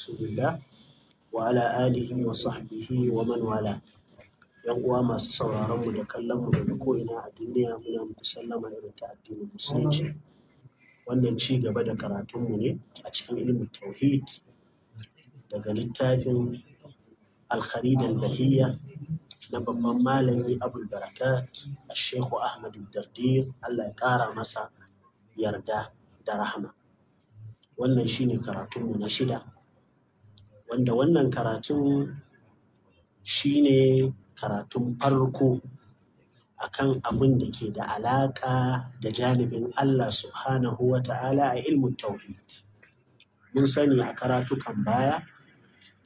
rasulillah wa ala alihi wa sahbihi wa yan uwa masu sauraron mu da kallon mu daga ko'ina a duniya muna muku sallama irin ta addinin musulunci wannan ci gaba da karatun mu ne a cikin ilmin tauhid daga littafin al-kharid al-bahiyya na babban malami abul barakat shehu ahmad dardir Allah ya kara masa yarda da rahama wannan shine karatun mu na shida wanda wannan karatun shine karatun farko akan abin da ke da alaƙa da janibin Allah subhanahu wa ta'ala a ilmin tauhid mun sani a karatukan baya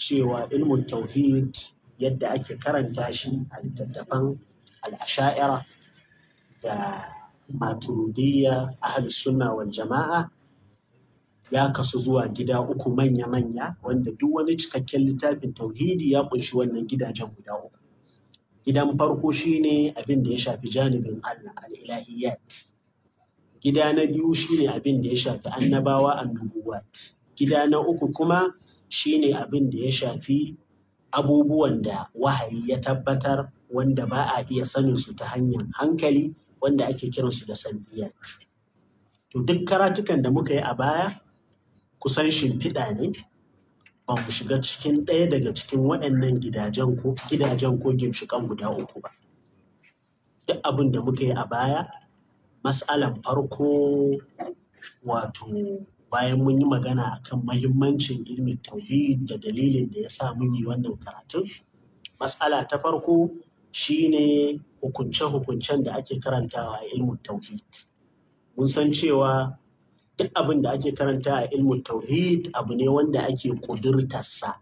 cewa ilmin tauhid yadda ake karanta shi a littattafan asha'ira da maturidiyya a sunna wal jama'a ya kasu zuwa gida uku manya-manya wanda duk wani cikakken littafin tauhidi ya kunshi wannan gidajen guda uku. Gidan farko shine abin da ya shafi janibin Allah al'ilahiyat ilahiyat Gida na biyu shine abin da ya shafi annabawa annubuwat. Gida na uku kuma shine abin da ya shafi abubuwan da wahayi ya tabbatar wanda ba a iya sanin su ta hanyar hankali wanda ake kiransu da saniyat. To duk karatukan da muka yi a baya kusan shimfiɗa ne ba mu shiga cikin ɗaya daga cikin waɗannan gidajen ko gidajen ko guda uku ba duk abin da muka yi a baya matsalan farko wato bayan mun yi magana akan mahimmancin ilmin tauhid da dalilin da ya sa mun yi wannan karatun matsala ta farko shi ne hukunce-hukuncen da ake karantawa a ilmin tauhid mun san cewa duk abin da ake karanta a ilmin tauhid abu ne wanda ake ƙudurtarsa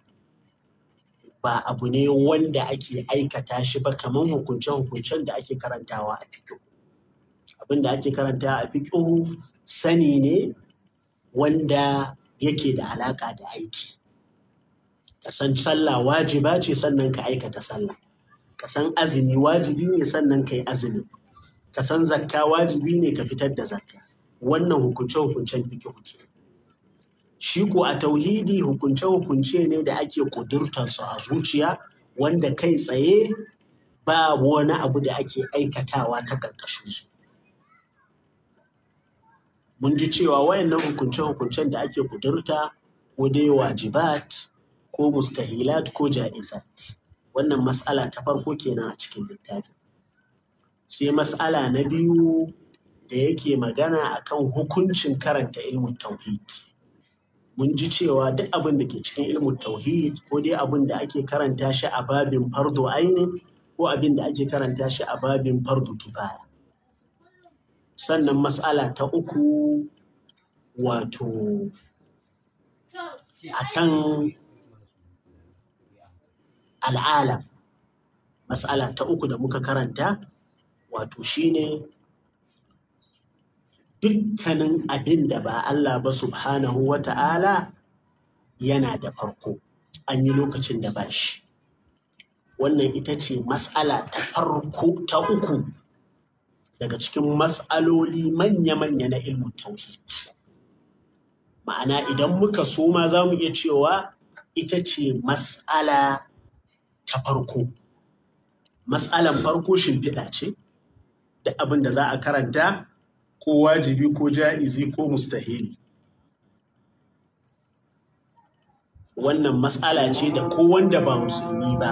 ba abu ne wanda ake aikata shi ba kamar hukunce-hukuncen da ake karantawa a fiƙo abin da ake karanta a fiƙo sani ne wanda yake da alaƙa da aiki ka san sallah wajiba ce sannan ka aikata sallah ka san azumi wajibi ne sannan ka yi azumi ka san zakka wajibi ne ka fitar da zakka wannan hukunce-hukuncen fikihu ke shi ko a tauhidi hukunce-hukunce ne da ake ƙudurtarsu a zuciya wanda kai tsaye ba wani abu da ake aikatawa ta ƙarƙashinsu mun ji cewa wayannan hukunce-hukuncen da ake ƙudurta ko dai wajibat ko mustahilat ko ja'izat wannan matsala ta farko kenan a cikin littafin sai matsala na biyu da yake magana akan hukuncin karanta ilmin tauhid mun ji cewa duk abin da ke cikin ilmin tauhid ko dai abin da ake karanta shi a babin fardo ainin ko abin da ake karanta shi a babin fardo kifaya sannan mas'ala ta uku wato akan al'alam matsala ta uku da muka karanta wato shine dukkanin abin da ba Allah ba subhanahu wa ta'ala yana da farko an yi lokacin da ba shi wannan ita ce matsala ta farko ta uku daga cikin matsaloli manya-manya na ilmin tauhid ma'ana idan muka so ma za mu iya cewa ita ce matsala ta farko matsalan farko shimfiɗa ce da abin da za a karanta ko wajibi ko ja'izi ko mustahili wannan matsala ce da ko wanda ba musulmi ba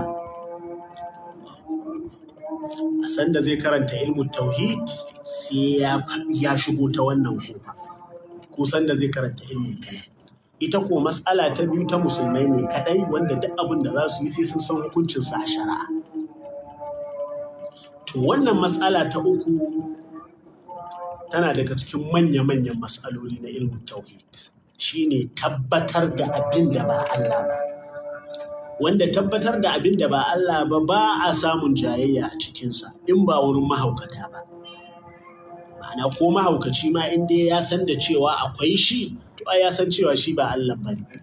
a sanda zai karanta ilmu tauhid sai ya shigo ta wannan kofa ko sanda zai karanta ilmu tauhid ita ko matsala ta biyu ta musulmai ne kadai wanda duk abin da za su yi sai sun san hukuncinsa a shari'a to wannan matsala ta uku tana daga cikin manya-manyan matsaloli na ilmin tauhid shine tabbatar da abin da ba Allah ba wanda tabbatar da abin da ba Allah ba ba a samun jayayya a cikinsa in ba wurin mahaukata ba ma'ana ko mahaukaci ma in dai ya san da cewa akwai shi to ya san cewa shi ba Allah ba ne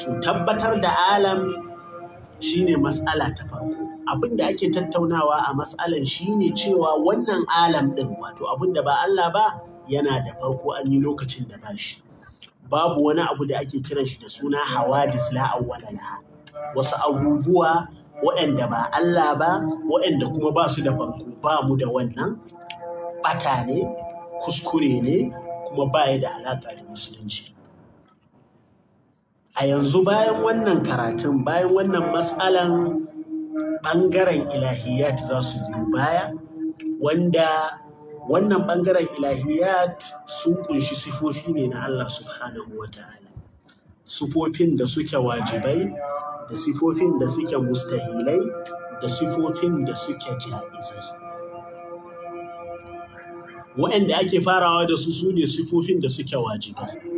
to tabbatar da alam shine matsala ta farko abin da ake tattaunawa a matsalan shine cewa wannan alam ɗin wato abin da ba Allah ba yana da farko an yi lokacin da ba shi babu wani abu da ake kiran shi da suna hawadis la awwala laha wasu abubuwa waɗanda ba Allah ba waɗanda kuma ba su da farko ba mu da wannan ɓata ne kuskure ne kuma ba baya da alaƙa da musulunci a yanzu bayan wannan karatun bayan wannan matsalan ɓangaren ilahiyat za su biyu baya wanda wannan ɓangaren ilahiyat sun kunshi sifofi ne na Allah subhanahu wa ta'ala sifofin da suke wajibai da sifofin da suke mustahilai da sifofin da suke ja'izai waɗanda ake farawa da su su ne sifofin da suke wajibai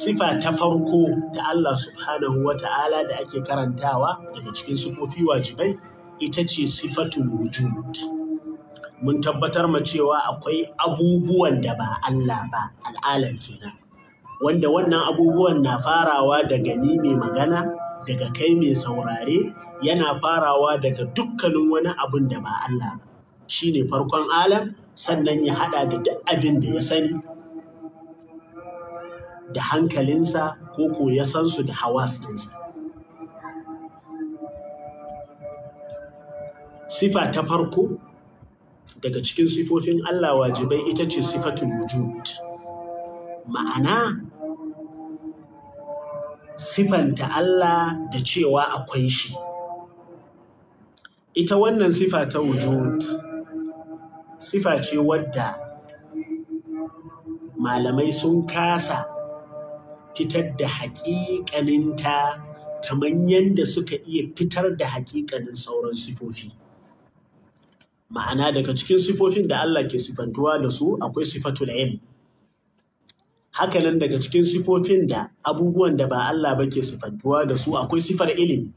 sifa ta farko ta Allah subhanahu wa ta'ala da ake karantawa daga cikin sifofi wajibai ita ce sifatul wujud mun tabbatar ma cewa akwai abubuwan da ba Allah ba al'alam kenan wanda wannan abubuwan na farawa daga ni mai magana daga kai mai saurare yana farawa daga dukkanin wani abun da ba Allah ba shine farkon alam sannan ya haɗa da duk abin da ya sani da hankalinsa ko ko ya san su da hawas ɗinsa. Sifa ta farko daga cikin sifofin Allah wajibai ita ce sifatul wujud. Ma'ana sifanta Allah da cewa akwai shi. Ita wannan sifa ta wujud sifa ce wadda malamai sun kasa fitar da haƙiƙaninta kamar yadda suka iya fitar da haƙiƙanin sauran sifofi. Ma'ana daga cikin sifofin da Allah ke sifantuwa da su akwai sifatul ilm. Hakanan daga cikin sifofin da abubuwan da ba Allah ba ke sifantuwa da su akwai sifar ilimi.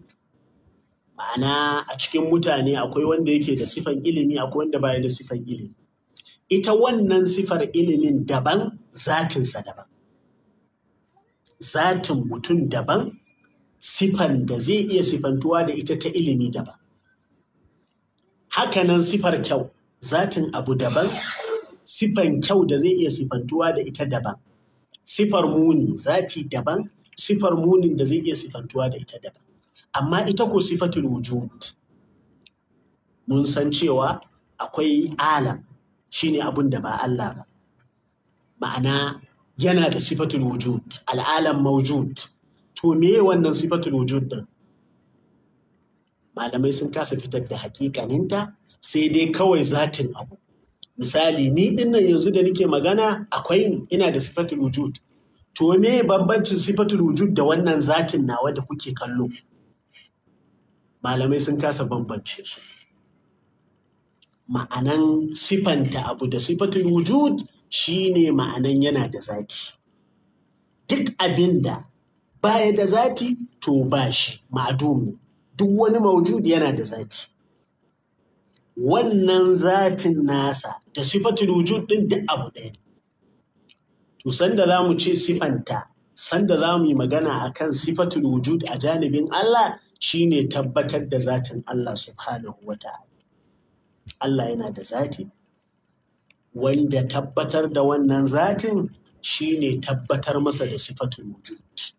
Ma'ana a cikin mutane akwai wanda yake da sifan ilimi akwai wanda baya da sifan ilimi. Ita wannan sifar ilimin daban zatinsa daban. zatin mutum daban sifan da zai iya sifantuwa da ita ta ilimi daban hakanan sifar kyau zatin abu daban sifan kyau da zai iya sifantuwa da ita daban sifar muni zati daban sifar munin da zai iya sifantuwa da ita daban amma ita ko sifatul wujud mun san cewa akwai alam shine abun da ba Allah ba ma'ana yana da sifatul wujud al'alam mawjud to wannan sifatul wujud din malamai sun kasa fitar da hakikaninta sai dai kawai zatin abu misali ni nan yanzu da nake magana akwai ni ina da sifatul wujud to me bambancin sifatul wujud da wannan zatin nawa da kuke kallo malamai sun kasa bambance su ma'anan sifanta abu da sifatul wujud shi ne ma'anan yana da zati duk abin da baya da zati to ba shi ma'adumi duk wani maujudi yana da zati wannan zatin nasa da sifatul wujud din duk abu ɗaya to sanda za mu ce sifanta sanda za mu yi magana a kan sifatul wujud a janibin Allah shi ne tabbatar da zatin Allah subhanahu wa ta'ala Allah yana da zati wanda tabbatar da wannan zatin shine tabbatar masa da sifatul wujud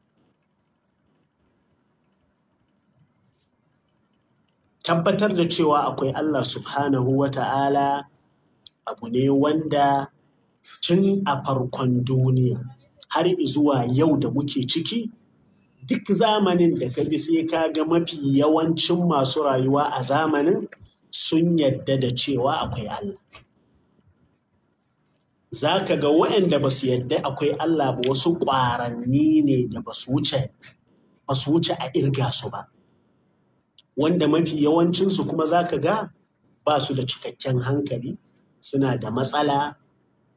tabbatar da cewa akwai Allah subhanahu wa ta'ala abu ne wanda tun a farkon duniya har zuwa yau da muke ciki duk zamanin da ka bi sai ka ga mafi yawancin masu rayuwa a zamanin sun yadda da cewa akwai Allah. za ka ga waɗanda ba su yadda akwai Allah ba wasu ƙwaranni ne da ba su wuce a irga su ba wanda mafi yawancinsu kuma za ka ga ba su da cikakken hankali suna da matsala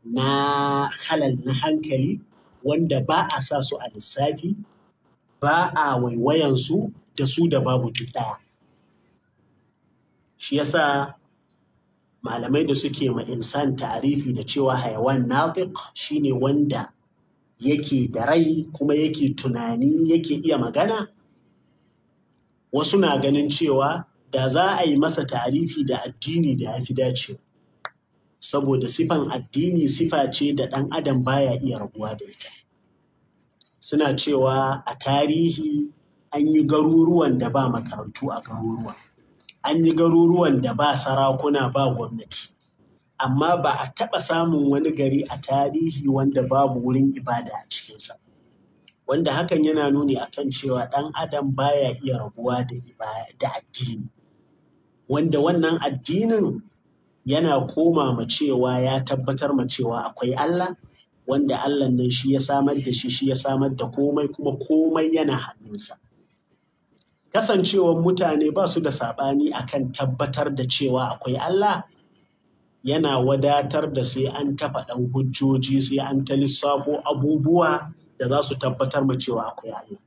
na halal na hankali wanda ba a sa su a lissafi ba a waiwayansu da su da babu duɗaya, ɗaya shi yasa malamai da suke ma insan ta'arifi da cewa hayawan shi shine wanda yake da rai kuma yake tunani yake iya magana wasu na ganin cewa da za a yi masa ta'arifi da addini da ya fi dacewa saboda sifan addini sifa ce da ɗan adam baya iya rabuwa da ita suna cewa a tarihi an yi garuruwan da ba makarantu a garuruwan an yi garuruwan da ba sarakuna ba gwamnati amma ba a taɓa samun wani gari a tarihi wanda babu wurin ibada a cikinsa wanda hakan yana nuni a kan cewa ɗan adam baya iya rabuwa da da addini wanda wannan addinin yana koma ma cewa ya tabbatar ma cewa akwai Allah wanda Allah nan shi ya samar da shi shi ya samar da komai kuma komai yana hannunsa kasancewar mutane ba su da saɓani akan tabbatar da cewa akwai Allah yana wadatar da sai an tafa ɗan hujjoji sai an ta lissafo abubuwa da za su tabbatar ma cewa akwai Allah.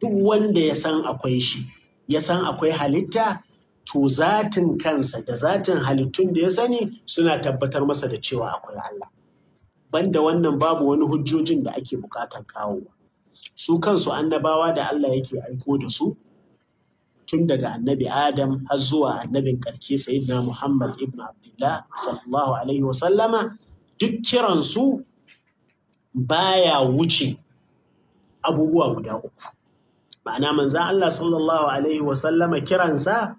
Duk wanda ya san akwai shi, ya san akwai halitta, to zatin kansa da zatin halittun da ya sani suna tabbatar masa da cewa akwai Allah. Banda wannan babu wani hujjojin da ake buƙatar kawo. Su kansu annabawa da Allah yake aiko da su, tun daga annabi adam har zuwa annabin karke sayyidina muhammad ibn abdullah sallallahu alaihi wasallama duk kiransu baya wuce abubuwa guda uku ma'ana manzan allah sallallahu alaihi wasallama kiransa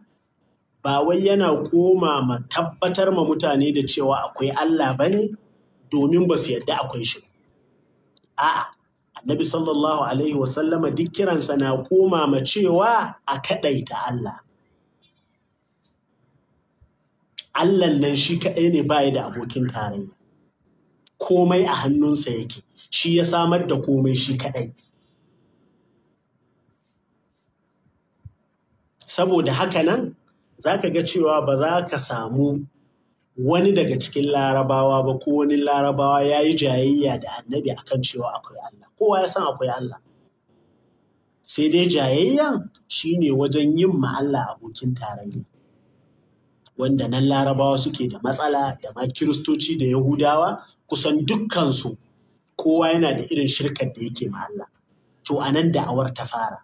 ba wai yana koma ma tabbatar ma mutane da cewa akwai allah ba ne domin ba su yadda akwai shi a'a Nabi sallallahu Alaihi wasallama duk kiransa na koma ma cewa a kaɗaita Allah. Allah nan shi kaɗai ne bayi da abokin tarayya. Komai a hannunsa yake, shi ya samar da komai shi kaɗai. Saboda haka nan, za ka ga cewa ba za ka samu wani daga cikin larabawa ba ko wani larabawa ya yi jayayya da annabi akan cewa akwai Allah kowa ya san akwai Allah sai dai jayayyan shine wajen yin ma'alla abokin tarayya wanda nan larabawa suke da matsala da ma kiristoci da yahudawa kusan dukkansu kowa yana da irin shirkar da yake ma'alla to a nan da'awar ta fara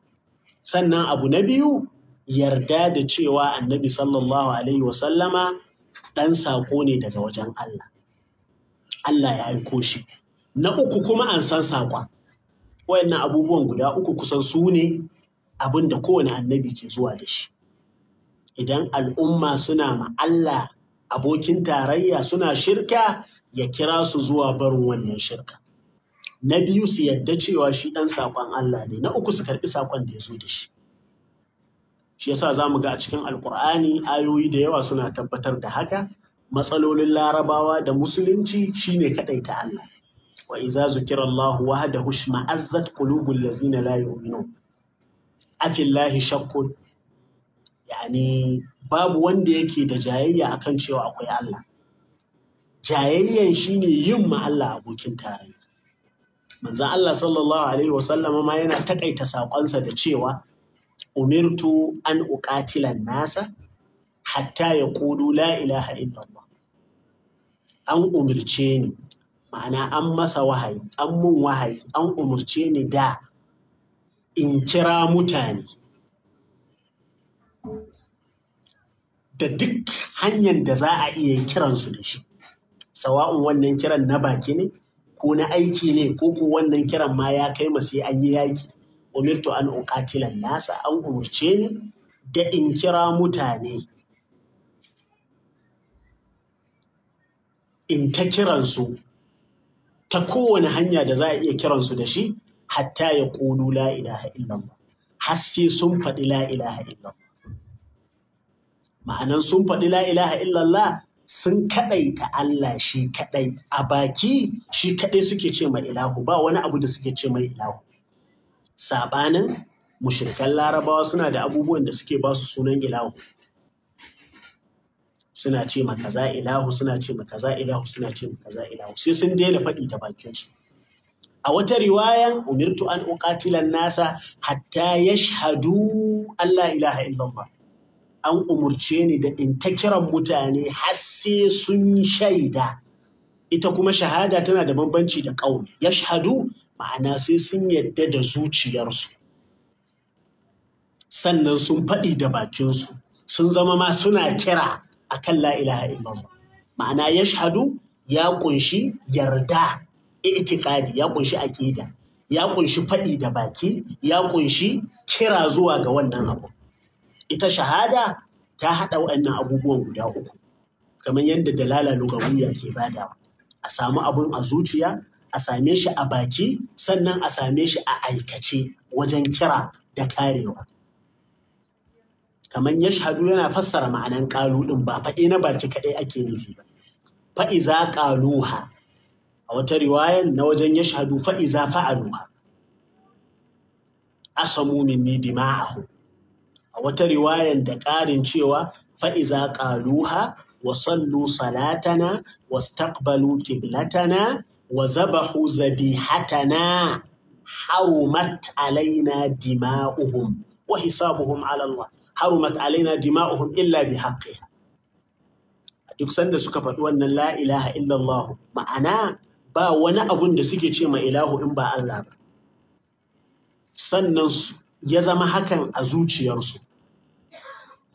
sannan abu na biyu yarda da cewa annabi sallallahu alaihi wasallama ɗan saƙo ne daga wajen Allah. Allah ya aiko shi. Na uku kuma an san saƙon. Wayannan abubuwan guda uku kusan su ne abin da kowane annabi ke zuwa da shi. Idan al'umma suna ma Allah abokin tarayya suna shirka ya kira su zuwa barin wannan shirka. Na biyu su yadda cewa shi ɗan saƙon Allah ne, na uku su karɓi saƙon da ya zo da shi. shi yasa za mu ga a cikin alkur'ani ayoyi da yawa suna tabbatar da haka matsalolin larabawa da musulunci shine kadai ta Allah wa iza zukira Allah hushma, azzat, qulubul lazina la yu'minun afillahi shakkun yani babu wanda yake da jayayya akan cewa akwai Allah jayayyan shine yin ma Allah abokin tarayya manzon Allah sallallahu alaihi wasallama ma yana takaita sakonsa da cewa umirtu an uqatilan nasa hatta ya ƙudu la ilaha illallah an umarce ni ma'ana an masa wahayi an mun wahayi an umarce ni da in kira mutane da duk hanyar da za a iya kiransu da shi sawa'un wannan kiran na baki ne ko na aiki ne ko ko wannan kiran ma ya kai sai an yi yaki umirtu an uqatilan nasa an umurce ni da in kira mutane in ta kiransu ta kowane hanya da za a iya kiransu da shi hatta ya ƙulu la ilaha illallah har sai sun faɗi la ilaha illallah ma'anan sun faɗi la ilaha illallah sun kaɗaita Allah shi kaɗai a baki shi kaɗai suke ce mai ilahu ba wani abu da suke ce mai ilahu sabanin mushrikan larabawa suna da abubuwan da suke ba su sunan ilahu suna ce ma kaza ilahu suna ce ma kaza ilahu suna ce ma kaza ilahu sai sun daina faɗi da bakinsu a wata riwayan umirtu an uqatilan nasa hatta yashhadu alla ilaha illallah an umurce ni da in ta kiran mutane har sai sun shaida ita kuma shahada tana da bambanci da ƙaul yashhadu ma'ana sai sun yadda da zuciyarsu sannan sun faɗi da bakinsu sun zama ma suna kira a kan la'ilaha illallah ma'ana ya shahadu ya ƙunshi yarda itikadi ya ƙunshi aƙida ya ƙunshi faɗi da baki ya ƙunshi kira zuwa ga wannan abu ita shahada ta haɗa waɗannan abubuwan guda uku kamar yadda dalala lugawiya ke badawa a samu abun a zuciya a same shi a baki sannan a same shi a aikace wajen kira da karewa kamar ya shahadu yana fassara ma'anan ƙalu ɗin ba faɗi na baki kaɗai ake nufi ba fa'iza ƙaluha a wata riwayan na wajen yashhadu fa'iza fa'aluha asamu minni dima'ahu a wata riwayan da ƙarin cewa fa'iza ƙaluha wa sallu salatana wa staqbalu tiblatana wa haka zabihatana harumat alaina dima'uhum wa hisabuhum ala harumat alaina dima'uhum illa bi A duk sanda suka faɗi wannan la'ilaha ilaha illallah ma'ana ba wani abun da suke ce ma ilahu in ba Allah ba sannan ya zama hakan a zuciyarsu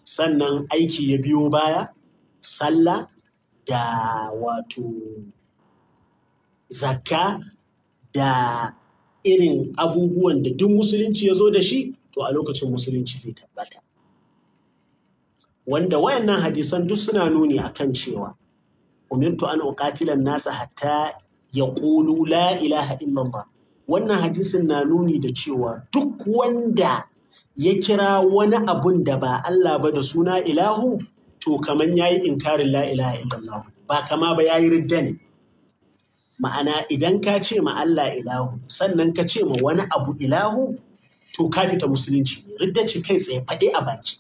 sannan aiki ya biyo baya sallah da wato zakka da irin abubuwan da duk musulunci ya zo da shi to a lokacin musulunci zai tabbata wanda wayannan hadisan duk suna nuni akan cewa umirtu an uqatilan nasa hatta ya ƙulu la ilaha illallah wannan hadisin na nuni da cewa duk wanda ya kira wani abun da ba Allah ba da suna ilahu to kaman yayi inkarin la ilaha illallah ba kama ba yayi ridda ne ma'ana idan ka ce ma Allah ilahu sannan ka ce ma wani abu ilahu to ka fita musulunci ridda ce kai tsaye faɗi a baki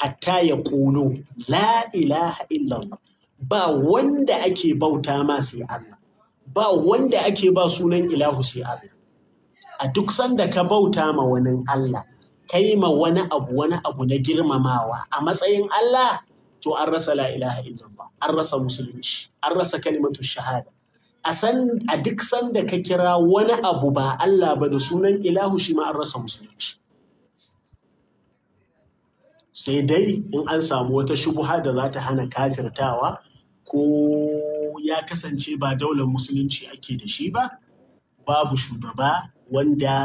hatta ya ƙolo la ilaha illallah ba wanda ake bauta ma sai Allah ba wanda ake ba sunan ilahu sai Allah a duk sanda ka bauta ma wani Allah kai ma wani abu wani abu na girmamawa a matsayin Allah to an rasa la ilaha illallah an rasa musulunci an rasa kalimatu shahada a san a duk sanda ka kira wani abu ba Allah ba da sunan ilahu shi ma an rasa musulunci sai dai in an samu wata shubuha da za ta hana kafirtawa ko ya kasance ba daular musulunci ake da shi ba babu shugaba wanda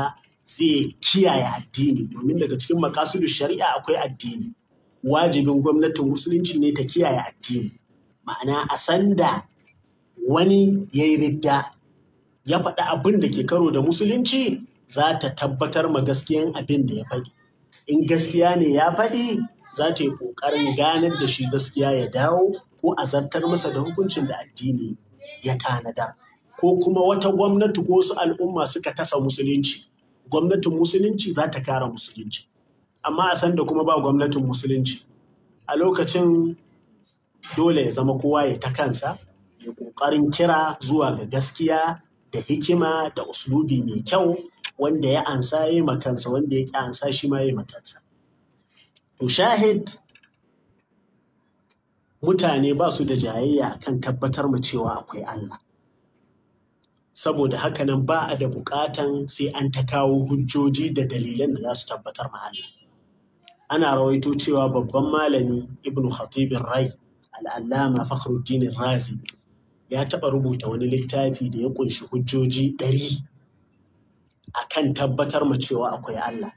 zai kiyaye addini domin daga cikin makasudu shari'a akwai addini wajibin gwamnatin musulunci ne ta kiyaye addini ma'ana a sanda wani ya yi ridda ya faɗi abin da ke karo da musulunci za ta tabbatar ma gaskiyan abin da ya faɗi in gaskiya ne ya faɗi za ta yi ƙoƙarin ganar da shi gaskiya ya dawo ko a zartar masa da hukuncin da addini ya tanada ko kuma wata gwamnati ko wasu al'umma suka tasa musulunci gwamnatin musulunci za ta kara musulunci amma a sanda kuma ba gwamnatin musulunci a lokacin dole ya zama kowa ya ta kansa ya ƙoƙarin kira zuwa ga gaskiya da hikima da uslubi mai kyau wanda ya ansa ya yi makansa wanda ya ƙi ansa shi ma ya yi makansa to shahid mutane ba su da jayayya kan tabbatar mu cewa akwai Allah saboda haka nan ba a da bukatan sai an ta kawo hujjoji da dalilan da za su tabbatar ma Allah ana rawaito cewa babban malami ibn khatibin rai al'allama fakhruddin razi ya taɓa rubuta wani littafi da ya ƙunshi hujjoji ɗari a kan tabbatar ma cewa akwai Allah.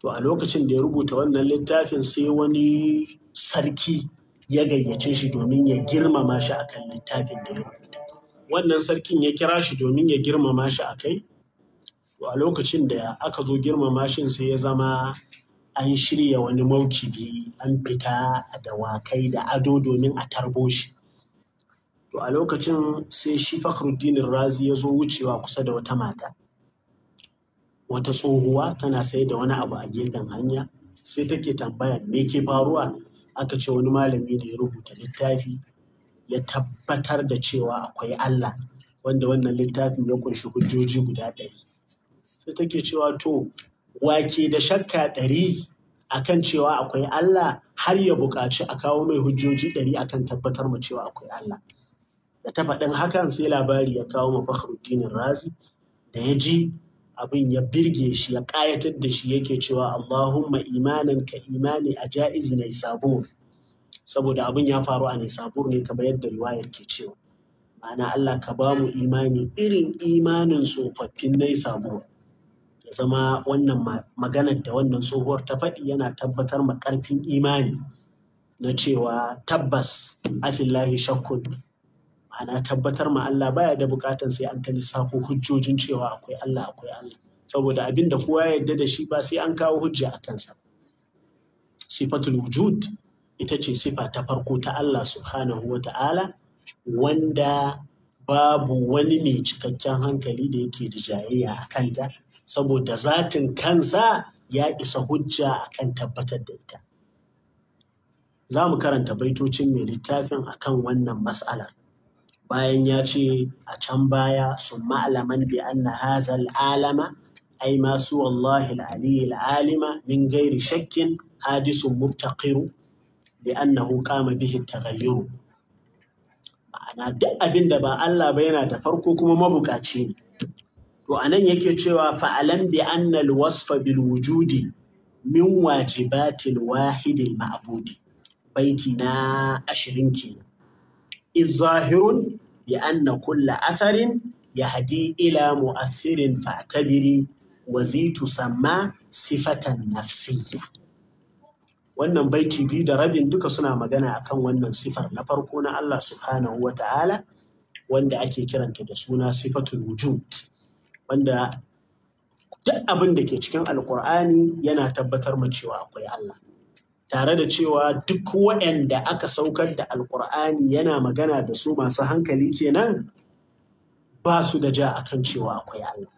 To a lokacin da ya rubuta wannan littafin sai wani sarki ya gayyace shi domin ya girmama shi akan littafin da ya rubuta. Wannan sarkin ya kira shi domin ya girmama shi a kai? To a lokacin da aka zo girmama shi sai ya zama an shirya wani maukibi an fita da wakai da ado domin a tarbo shi to a lokacin sai shi fakhruddin razi ya zo wucewa kusa da wata mata wata tsohuwa tana sai da wani abu a gefen hanya sai take tambaya me ke faruwa aka ce wani malami ne ya rubuta littafi ya tabbatar da cewa akwai Allah wanda wannan littafin ya kunshi hujjoji guda ɗari sai take cewa to wake da shakka ɗari a kan cewa akwai Allah har ya buƙaci a kawo mai hujjoji ɗari a kan tabbatar mu cewa akwai Allah. Da ta faɗin hakan sai labari ya kawo ma Fakhruddinin Razi da ya ji abin ya birge shi ya ƙayatar da shi yake cewa Allahumma imanan ka imani a ja'izi na sabur saboda abin ya faru a Nisabur ne kamar yadda riwayar ke cewa ma'ana Allah ka ba mu imani irin imanin tsofaffin na sabur ya zama wannan maganar da wannan tsohuwar ta faɗi yana tabbatar ma ƙarfin imani na cewa tabbas afillahi shakkun ana tabbatar ma Allah baya da bukatan sai an ta lissafo hujjojin cewa akwai Allah akwai Allah saboda abin da kowa yarda da shi ba sai an kawo hujja a kansa sifatul wujud ita ce sifa ta farko ta Allah subhanahu wa ta'ala wanda babu wani mai cikakken hankali da yake da jayayya a kanta saboda zatin kansa ya isa hujja akan tabbatar da ita za mu karanta baitocin mai littafin akan wannan mas'alar bayan ya ce a can baya sun ma'alaman bi anna hazal alama ai masu wallahi al'aliyyil alima min gairi shakkin hadisun mubtaqiru bi annahu qama bihi taghayyuru ma'ana duk abin da ba Allah ba yana da farko kuma mabukaci ne to anan yake cewa fa'alan bi annal wasfa bil wujudi min wajibatil wahidil ma'budi baiti na ashirin kenan izahirun zahirun bi anna kulla atharin yahdi ila mu'affirin fa'tabiri wa zi samma sifatan nafsiyya wannan baiti biyu da rabin duka suna magana akan wannan sifar na farko na Allah subhanahu wa ta'ala wanda ake kiranta da suna sifatul wujud wanda duk abin da ke cikin alkur'ani yana tabbatar mu cewa akwai Allah tare da cewa duk waɗanda aka saukar da alkur'ani yana magana da su masu hankali kenan ba su da ja akan cewa akwai Allah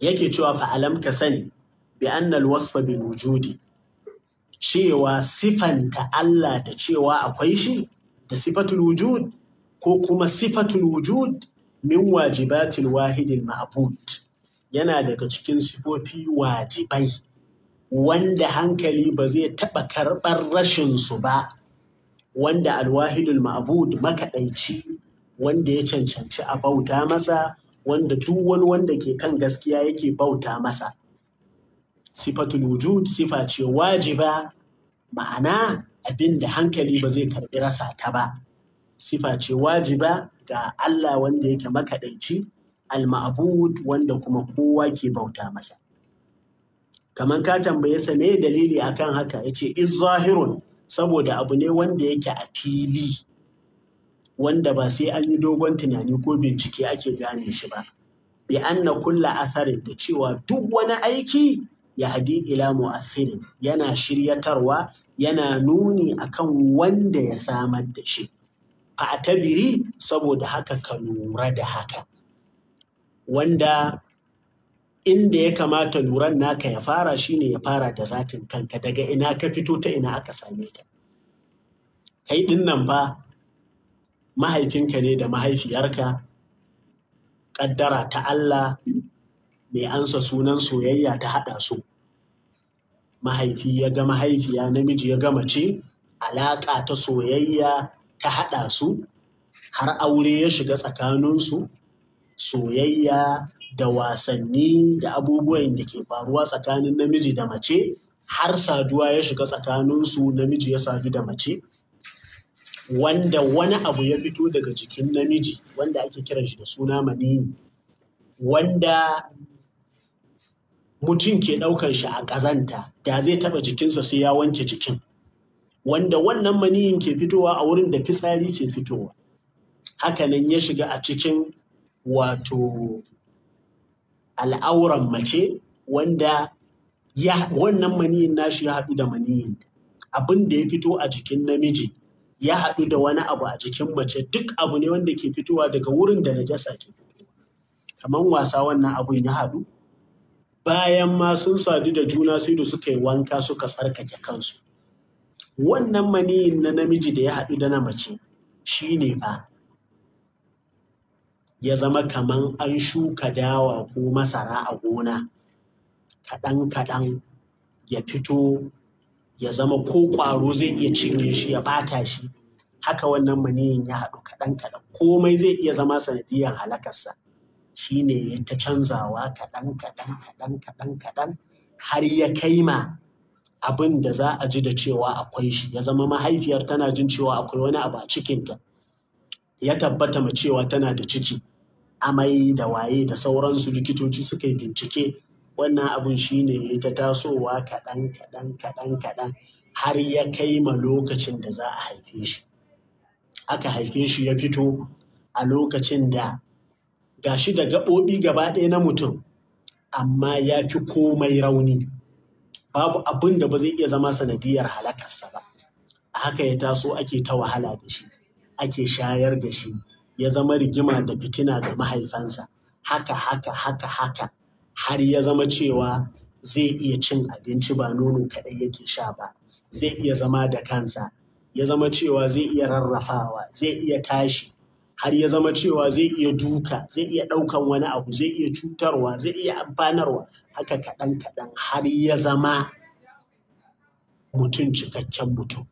yake cewa fa'alam ka sani bi annal wasfa bil wujudi cewa sifanta Allah da cewa akwai shi da sifatul wujud ko kuma sifatul wujud min wajibatil wahidil ma'bud yana daga cikin sifofi wajibai wanda hankali ba zai taɓa karɓar rashin su ba wanda alwahidul ma'bud makaɗaici wanda ya cancanci a bauta masa wanda duk wani wanda ke kan gaskiya yake bauta masa sifatul wujud sifa ce wajiba ma'ana abin da hankali ba zai karɓi rasa ta ba sifa ce wajiba ga Allah wanda yake makaɗaici al-ma'bud wanda kuma kowa ke bauta masa kamar ka tambaye sa me dalili akan haka yace iz zahirun saboda abu ne wanda yake a fili wanda ba sai an yi dogon tunani ko bincike ake gane shi ba bi anna kulla atharin da cewa duk wani aiki ya hadi ila mu'athirin yana shiryatarwa yana nuni akan wanda ya samar da shi tabiri saboda haka ka lura da haka wanda inda ya kamata luran naka ya fara shine ya fara da zatin kanka daga ina ka fito ta ina aka same ka kai din nan fa mahaifinka ne da mahaifiyarka Ƙaddara ta Allah mai ansa sunan soyayya ta haɗa su mahaifi ya ga mahaifiya namiji ya ga mace alaƙa ta soyayya ta haɗa su har aure ya shiga tsakaninsu soyayya da wasanni da abubuwan da ke faruwa tsakanin namiji da mace har saduwa ya shiga tsakaninsu namiji ya sadu da mace wanda wani abu ya fito daga jikin namiji wanda ake kiran shi da suna mani wanda mutum ke ɗaukar shi a ƙazanta da zai taɓa jikinsa sai ya wanke jikin wanda wannan maniyin ke fitowa a wurin da fitsari ke fitowa hakanan ya shiga a cikin wato al'auran mace wanda ya wannan maniyin nashi ya haɗu da maniyin abin da ya fito a jikin namiji ya haɗu da wani abu a jikin mace duk abu ne wanda ke fitowa daga wurin da na jasa ke kamar wasa wannan abun ya haɗu bayan ma sun sadu da juna sai da suka yi wanka suka tsarkake kansu wannan maniyin na namiji da ya haɗu da na mace shi ne ba ya zama kaman an shuka dawa ko masara a gona kaɗan-kaɗan ya fito ya zama ko ƙwaro zai iya cinye shi ya bata shi haka wannan maniyin ya haɗu kaɗan-kaɗan komai zai iya zama sanadiyar halakarsa shi ne ya ta canzawa kaɗan-kaɗan kaɗan-kaɗan kaɗan har ya kai ma abin da za a ji da cewa akwai shi ya zama mahaifiyar tana jin cewa akwai wani abu a cikinta ya tabbata ma cewa tana da ciki amai da waye da sauransu likitoci suka yi bincike wannan abin shine ta tasowa kaɗan kaɗan kaɗan kaɗan har ya kai ma lokacin da za a haife shi aka haife shi ya fito a lokacin da gashi da gaɓoɓi gaba ɗaya na mutum amma ya fi komai rauni babu abin da ba zai iya zama sanadiyar halakarsa ba a haka ya taso ake ta wahala da shi ake shayar da shi ya zama rigima da fitina ga mahaifansa haka haka haka haka har ya zama cewa zai iya cin abinci ba nono kaɗai yake sha ba zai iya zama da kansa ya zama cewa zai iya rarrafawa zai iya tashi har ya zama cewa zai iya duka zai iya ɗaukan wani abu zai iya cutarwa zai iya amfanarwa haka kaɗan kaɗan har ya zama mutum cikakken mutum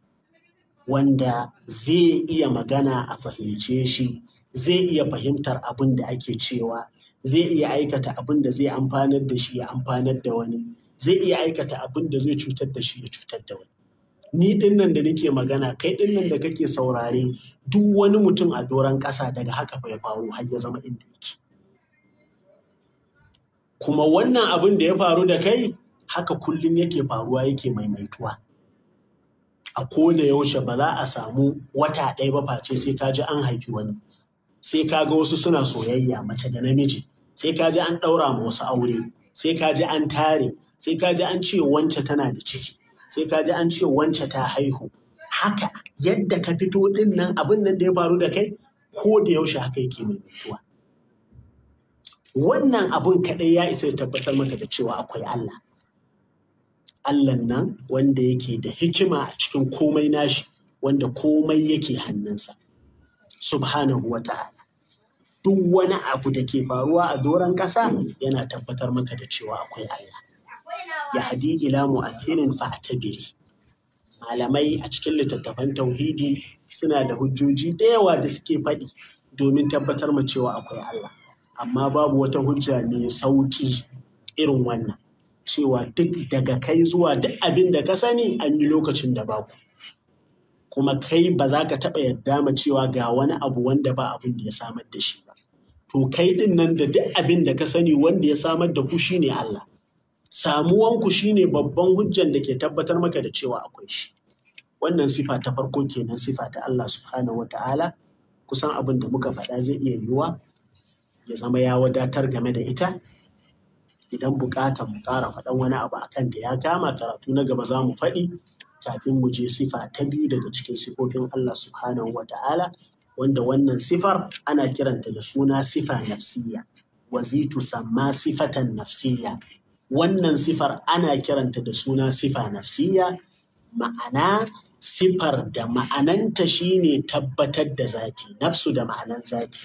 wanda zai iya magana a fahimce shi zai iya fahimtar abin da ake cewa zai iya aikata abin da zai amfanar da shi ya amfanar da wani zai iya aikata abin da zai cutar da shi ya cutar da wani ni dinnan da nake magana kai dinnan da kake saurare duk wani mutum a doron ƙasa daga haka bai faru har ya zama inda yake kuma wannan abin da ya faru da kai haka kullum yake faruwa yake maimaituwa a ko da yaushe ba za a samu wata ɗaya ba face sai ka ji an haifi wani sai ka ga wasu suna soyayya mace da namiji sai ka ji an ɗaura ma wasu aure sai ka ji an tare sai ka ji an ce wance tana da ciki sai ka ji an ce wance ta haihu haka yadda ka fito din nan abin nan da ya faru da kai ko da yaushe haka yake mai mutuwa wannan abun kaɗai ya isa ya tabbatar maka da cewa akwai Allah Allah nan wanda yake da hikima a cikin komai nashi wanda komai yake hannunsa subhanahu wa ta'ala duk wani abu da ke faruwa a doron ƙasa yana tabbatar maka da cewa akwai Allah ya hadi ila mu'athirin fa'tabiri malamai a cikin littattafan tauhidi suna da hujjoji da yawa da suke faɗi domin tabbatar ma cewa akwai Allah amma babu wata hujja mai sauki irin wannan cewa duk daga kai zuwa duk abin da ka sani an yi lokacin da baku kuma kai ba za ka taɓa yarda ma cewa ga wani abu wanda ba abin da ya samar da shi ba to kai ɗin nan da duk abin da ka sani wanda ya samar da ku shine Allah samuwanku shine babban hujjan da ke tabbatar maka da cewa akwai shi wannan sifa ta farko kenan sifa ta Allah subhanahu wata'ala kusan abin da muka faɗa zai iya yiwuwa ya zama ya wadatar game da ita idan bukata mu ƙara faɗan wani abu akan da ya kama karatu na gaba za mu faɗi kafin mu je sifa ta biyu daga cikin sifofin Allah subhanahu wata'ala wanda wannan sifar ana kiranta da suna sifa nafsiyya wazitu samma sifatan nafsiyya. wannan sifar ana kiranta da suna sifa nafsiya ma'ana sifar da ma'ananta shine tabbatar da zati nafsu da ma'anan zati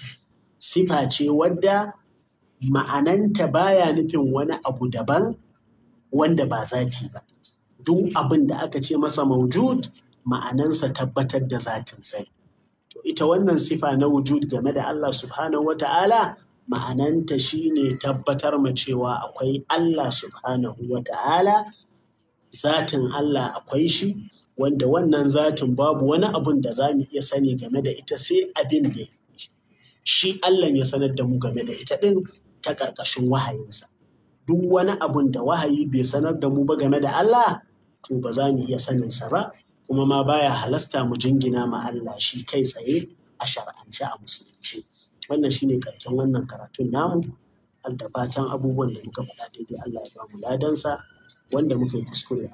sifa ce wadda ma'ananta baya nufin wani abu daban wanda ba zati ba duk abin da aka ce masa maujud ma'anansa tabbatar da zatin sai to ita wannan sifa na wujud game da Allah subhanahu wata'ala ma'ananta ne tabbatar ma cewa akwai Allah subhanahu wa ta'ala, zatin Allah akwai shi, wanda wannan zatin babu wani abun da za mu iya sani game da ita sai abin da shi Allah ya sanar da mu game da ita ɗin ta ƙarƙashin wahayinsa. Duk wani abun da wahayi bai sanar da mu ba game da Allah, to ba za mu iya saninsa ba, kuma ma baya halasta mu jingina ma Allah shi kai tsaye a shar'ance a musulunci. wannan shi ne karshen wannan karatun namu da fatan abubuwan da muka faɗa daidai Allah ya ba mu ladansa wanda muka yi kuskure